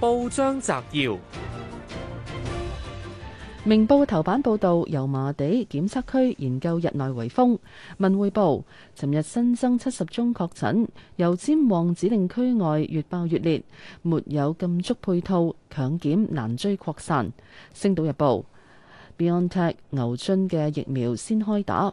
報章摘要：明報頭版報道，油麻地檢測區研究日內圍封。文匯報：尋日新增七十宗確診，油尖旺指令區外越爆越烈，沒有禁足配套，強檢難追擴散。星島日報：BioNTech 牛津嘅疫苗先開打。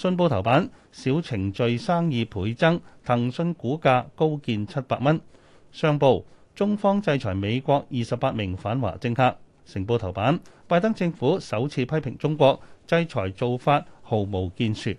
信報頭版：小程序生意倍增，騰訊股價高見七百蚊。商報：中方制裁美國二十八名反華政客。成報頭版：拜登政府首次批評中國制裁做法毫無建樹。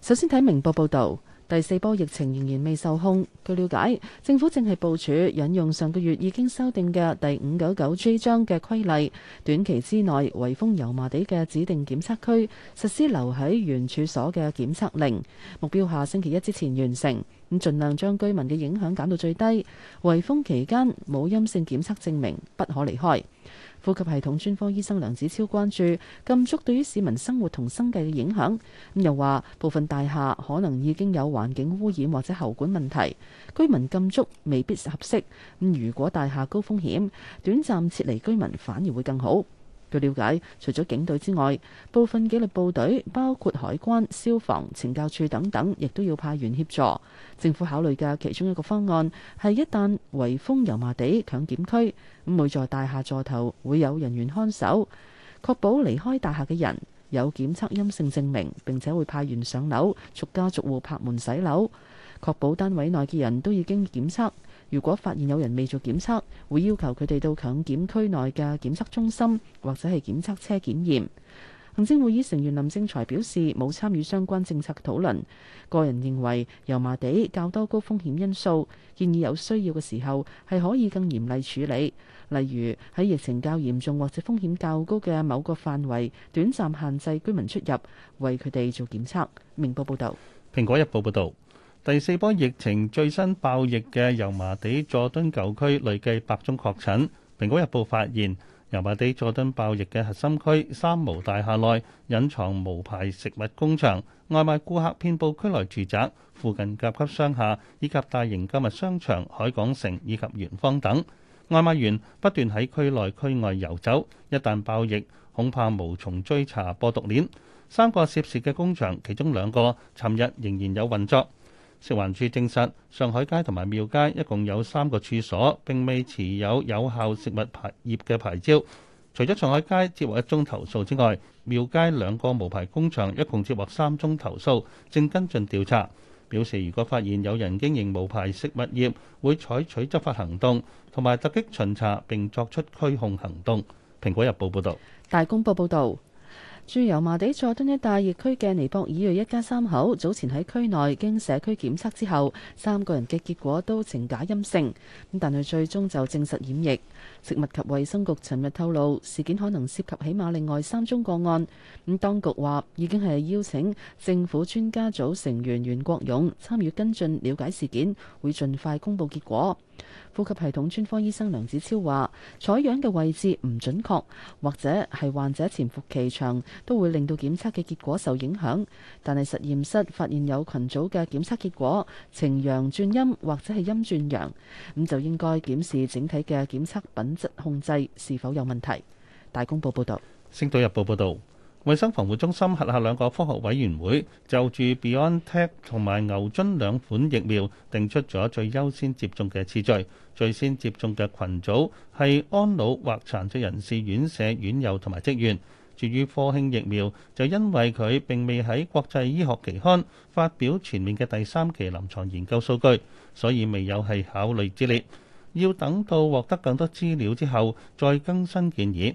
首先睇明報報導。第四波疫情仍然未受控。據了解，政府正係部署引用上個月已經修訂嘅第五九九 G 章嘅規例，短期之內圍封油麻地嘅指定檢測區，實施留喺原處所嘅檢測令，目標下星期一之前完成，盡量將居民嘅影響減到最低。圍封期間冇陰性檢測證明，不可離開。呼吸系統專科醫生梁子超關注禁足對於市民生活同生計嘅影響，又話部分大廈可能已經有環境污染或者喉管問題，居民禁足未必合適。咁如果大廈高風險，短暫撤離居民反而會更好。據了解，除咗警隊之外，部分紀律部隊，包括海關、消防、懲教處等等，亦都要派員協助。政府考慮嘅其中一個方案係，一旦圍封油麻地強檢區，每座大廈座頭會有人員看守，確保離開大廈嘅人有檢測陰性證明，並且會派員上樓逐家逐戶拍門洗樓，確保單位內嘅人都已經檢測。如果發現有人未做檢測，會要求佢哋到強檢區內嘅檢測中心，或者係檢測車檢驗。行政會議成員林正財表示，冇參與相關政策討論。個人認為油麻地較多高風險因素，建議有需要嘅時候係可以更嚴厲處理，例如喺疫情較嚴重或者風險較高嘅某個範圍，短暫限制居民出入，為佢哋做檢測。明報報道。蘋果日報報道。第四波疫情最新爆疫嘅油麻地佐敦舊區累計八宗確診，蘋果日報發現油麻地佐敦爆疫嘅核心區三無大廈內隱藏無牌食物工場，外賣顧客遍布區內住宅、附近甲級商廈以及大型購物商場海港城以及元芳等。外賣員不斷喺區內區外游走，一旦爆疫，恐怕無從追查播毒鏈。三個涉事嘅工場，其中兩個尋日仍然有運作。食環署證實，上海街同埋廟街一共有三個處所並未持有有效食物牌業嘅牌照。除咗上海街接獲一宗投訴之外，廟街兩個無牌工場一共接獲三宗投訴，正跟進調查。表示如果發現有人經營無牌食物業，會採取執法行動同埋突擊巡查並作出驅控行動。《蘋果日報》報導，《大公報》報導。住油麻地佐敦一帶疫區嘅尼泊爾裔一家三口，早前喺區內經社區檢測之後，三個人嘅結果都呈假陰性咁，但係最終就證實染疫。食物及衛生局尋日透露，事件可能涉及起碼另外三宗個案。咁當局話已經係邀請政府專家組成員袁國勇參與跟進了解事件，會盡快公布結果。呼吸系統專科醫生梁子超話：採樣嘅位置唔準確，或者係患者潛伏期長，都會令到檢測嘅結果受影響。但係實驗室發現有群組嘅檢測結果呈陽轉陰，或者係陰轉陽，咁就應該檢視整體嘅檢測品質控制是否有問題。大公報報道，星島日報報道。衛生防護中心轄下兩個科學委員會就住 BioNTech 同埋牛津兩款疫苗定出咗最優先接種嘅次序，最先接種嘅群組係安老或殘疾人士、院舍、院友同埋職員。至於科興疫苗，就因為佢並未喺國際醫學期刊發表全面嘅第三期臨床研究數據，所以未有係考慮之列，要等到獲得更多資料之後再更新建議。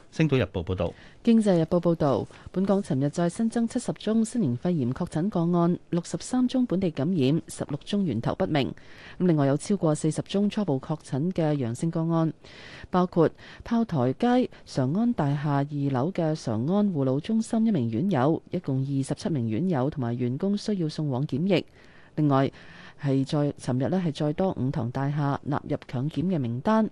星島日報報道，經濟日報報道，本港尋日再新增七十宗新型肺炎確診個案，六十三宗本地感染，十六宗源頭不明。咁另外有超過四十宗初步確診嘅陽性個案，包括炮台街常安大廈二樓嘅常安護老中心一名院友，一共二十七名院友同埋員工需要送往檢疫。另外係再尋日呢，係再多五堂大廈納入強檢嘅名單。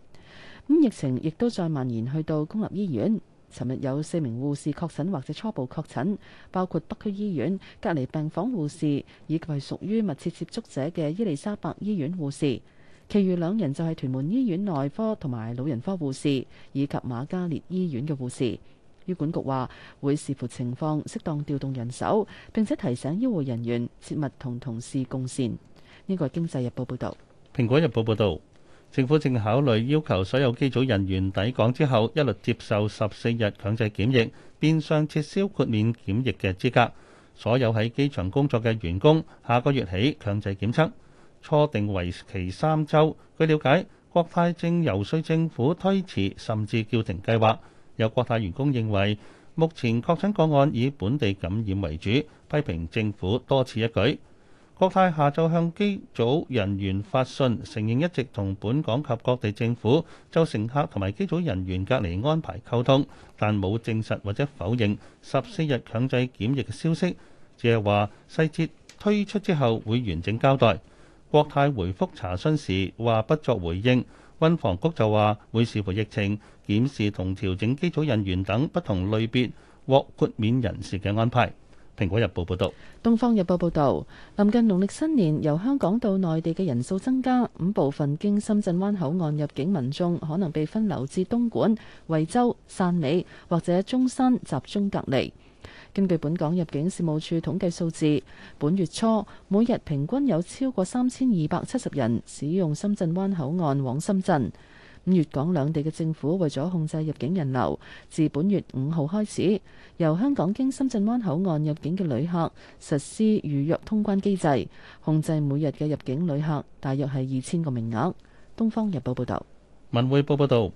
咁疫情亦都再蔓延去到公立醫院。尋日有四名護士確診或者初步確診，包括北區醫院隔離病房護士，以及係屬於密切接觸者嘅伊麗莎白醫院護士。其餘兩人就係屯門醫院內科同埋老人科護士，以及瑪嘉烈醫院嘅護士。醫管局話會視乎情況適當調動人手，並且提醒醫護人員切勿同同事共膳。呢個係《經濟日報》報道，《蘋果日報》報道。政府正考慮要求所有機組人員抵港之後一律接受十四日強制檢疫，變相撤銷豁免檢疫嘅資格。所有喺機場工作嘅員工下個月起強制檢測，初定為期三週。據了解，國泰正游說政府推遲甚至叫停計劃。有國泰員工認為，目前確診個案以本地感染為主，批評政府多此一舉。國泰下晝向機組人員發信，承認一直同本港及各地政府就乘客同埋機組人員隔離安排溝通，但冇證實或者否認十四日強制檢疫嘅消息。只係話細節推出之後會完整交代。國泰回覆查詢時話不作回應。運房局就話會視乎疫情，檢視同調整機組人員等不同類別獲豁免人士嘅安排。《蘋果日報》報導，《東方日報》報導，臨近農曆新年，由香港到內地嘅人數增加，五部分經深圳灣口岸入境民眾可能被分流至東莞、惠州、汕尾或者中山集中隔離。根據本港入境事務處統計數字，本月初每日平均有超過三千二百七十人使用深圳灣口岸往深圳。粵港兩地嘅政府為咗控制入境人流，自本月五號開始，由香港經深圳灣口岸入境嘅旅客實施預約通關機制，控制每日嘅入境旅客大約係二千個名額，東方日報報道。《文匯報》報道，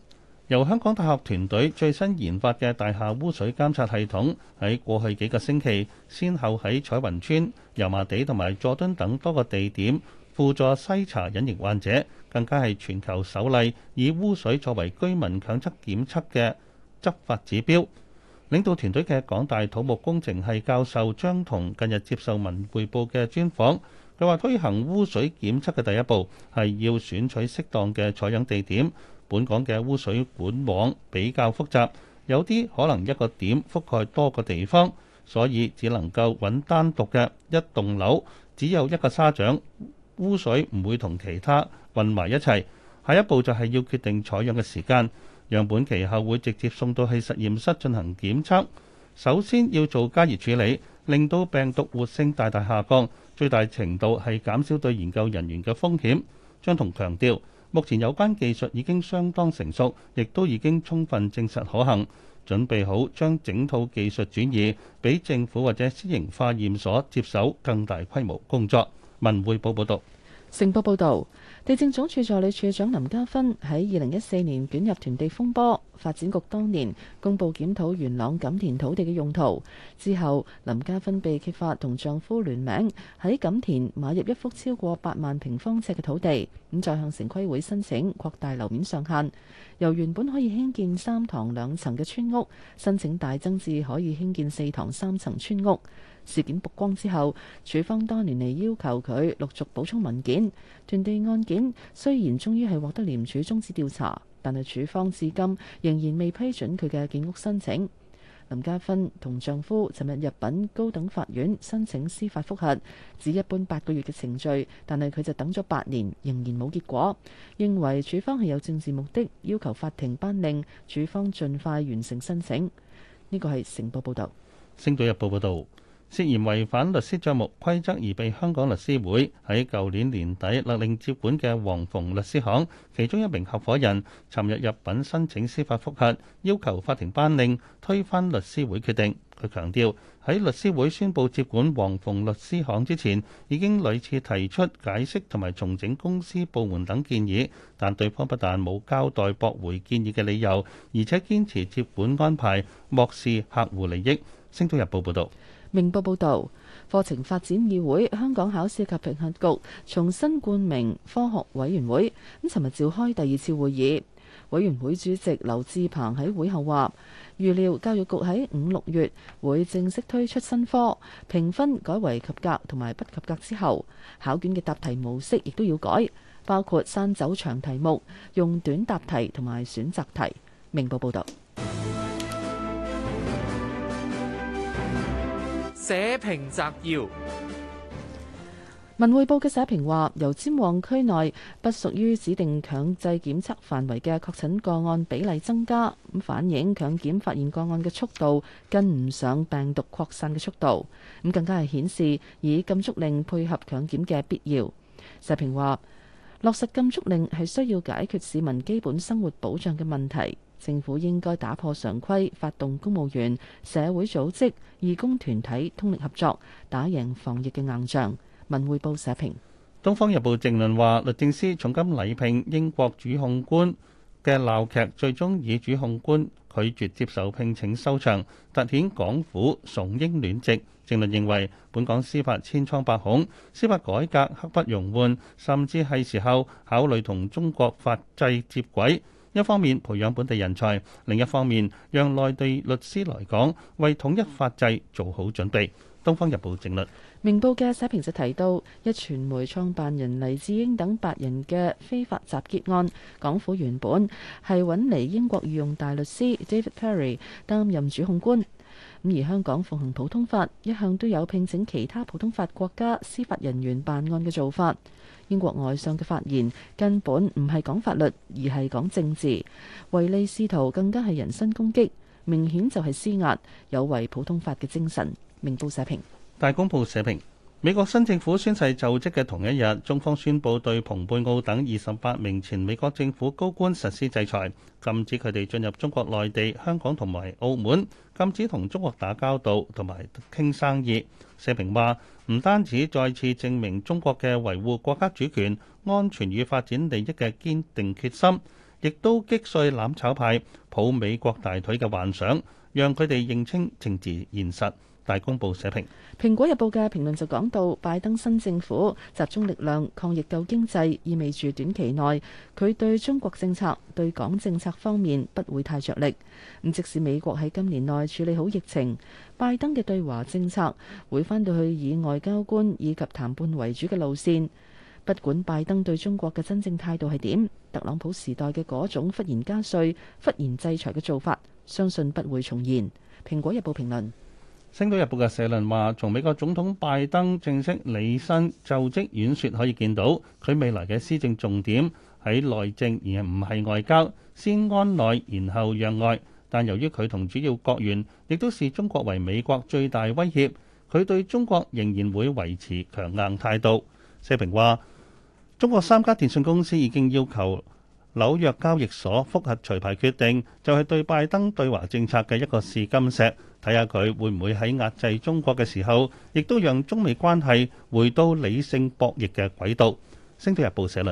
由香港大學團隊最新研發嘅大廈污水監測系統喺過去幾個星期，先後喺彩雲邨、油麻地同埋佐敦等多個地點，輔助篩查隱形患者，更加係全球首例以污水作為居民強測檢測嘅執法指標。領導團隊嘅港大土木工程系教授張彤近日接受文匯報嘅專訪，佢話推行污水檢測嘅第一步係要選取適當嘅採樣地點。本港嘅污水管網比較複雜，有啲可能一個點覆蓋多個地方，所以只能夠揾單獨嘅一棟樓，只有一個沙井。污水唔會同其他混埋一齊，下一步就係要決定採樣嘅時間，樣本期後會直接送到去實驗室進行檢測，首先要做加熱處理，令到病毒活性大大下降，最大程度係減少對研究人員嘅風險。張同強調，目前有關技術已經相當成熟，亦都已經充分證實可行，準備好將整套技術轉移俾政府或者私營化驗所接手更大規模工作。文匯報報道，成報報道，地政總署助理署長林家芬喺二零一四年捲入團地風波。發展局當年公佈檢討元朗錦田土地嘅用途之後，林家芬被揭發同丈夫聯名喺錦田買入一幅超過八萬平方尺嘅土地，咁再向城規會申請擴大樓面上限，由原本可以興建三堂兩層嘅村屋，申請大增至可以興建四堂三層村屋。事件曝光之後，署方多年嚟要求佢陸續補充文件，囤地案件雖然終於係獲得廉署終止調查。但係署方至今仍然未批准佢嘅建屋申請。林家芬同丈夫尋日入禀高等法院申請司法覆核，指一般八個月嘅程序，但係佢就等咗八年，仍然冇結果。認為署方係有政治目的，要求法庭頒令署方盡快完成申請。呢個係成報報導，《星島日報》報導。涉嫌違反律師帳目規則而被香港律師會喺舊年年底勒令接管嘅黃鳳律師行，其中一名合夥人尋日入禀申請司法覆核，要求法庭頒令推翻律師會決定。佢強調喺律師會宣布接管黃鳳律師行之前，已經屢次提出解釋同埋重整公司部門等建議，但對方不但冇交代駁回建議嘅理由，而且堅持接管安排漠視客戶利益。星島日報報導。明報報導，課程發展議會、香港考試及評核局重新冠名科學委員會。咁，尋日召開第二次會議，委員會主席劉志鵬喺會後話，預料教育局喺五六月會正式推出新科，評分改為及格同埋不及格之後，考卷嘅答題模式亦都要改，包括刪走長題目，用短答題同埋選擇題。明報報導。社評摘要：文匯報嘅社評話，油尖旺區內不屬於指定強制檢測範圍嘅確診個案比例增加，咁反映強檢發現個案嘅速度跟唔上病毒擴散嘅速度，咁更加係顯示以禁足令配合強檢嘅必要。社評話落實禁足令係需要解決市民基本生活保障嘅問題。政府應該打破常規，發動公務員、社會組織、義工團體通力合作，打贏防疫嘅硬仗。文匯報社評。《東方日報》政論話，律政司重金禮聘英國主控官嘅鬧劇，最終以主控官拒絕接受聘請收場，突顯港府崇英戀殖。政論認為本港司法千瘡百孔，司法改革刻不容緩，甚至係時候考慮同中國法制接軌。一方面培養本地人才，另一方面讓內地律師來港，為統一法制做好準備。《東方日報》正論。明報嘅社評就提到，一傳媒創辦人黎智英等八人嘅非法集結案，港府原本係揾嚟英國御用大律師 David Perry 擔任主控官。咁而香港奉行普通法，一向都有聘請其他普通法國家司法人員辦案嘅做法。英國外相嘅發言根本唔係講法律，而係講政治，唯利是圖，更加係人身攻擊，明顯就係施壓，有違普通法嘅精神。明報社評，大公報社評。美國新政府宣誓就職嘅同一日，中方宣布對蓬佩奧等二十八名前美國政府高官實施制裁，禁止佢哋進入中國內地、香港同埋澳門，禁止同中國打交道同埋傾生意。社評話：唔單止再次證明中國嘅維護國家主權、安全與發展利益嘅堅定決心，亦都擊碎攬炒派、抱美國大腿嘅幻想，讓佢哋認清政治現實。大公報社評。蘋果日報嘅評論就講到，拜登新政府集中力量抗疫救經濟，意味住短期內佢對中國政策，對港政策方面不會太着力。咁即使美國喺今年內處理好疫情，拜登嘅對華政策會翻到去以外交官以及談判為主嘅路線，不管拜登對中國嘅真正態度係點，特朗普時代嘅嗰種忽然加稅、忽然制裁嘅做法，相信不會重現。蘋果日報評論。《星島日報》嘅社論話：從美國總統拜登正式履新就職演說可以見到，佢未來嘅施政重點喺內政而唔係外交，先安內然後讓外。但由於佢同主要國員亦都視中國為美國最大威脅，佢對中國仍然會維持強硬態度。社評話：中國三家電信公司已經要求紐約交易所覆核除牌決定，就係對拜登對華政策嘅一個試金石。睇下佢會唔會喺壓制中國嘅時候，亦都讓中美關係回到理性博弈嘅軌道。星島日報社論。